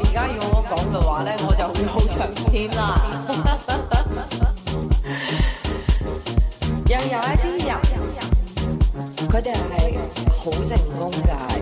而家要我講嘅話咧，我就會好長篇啦。又 有一啲人，佢哋係好成功㗎。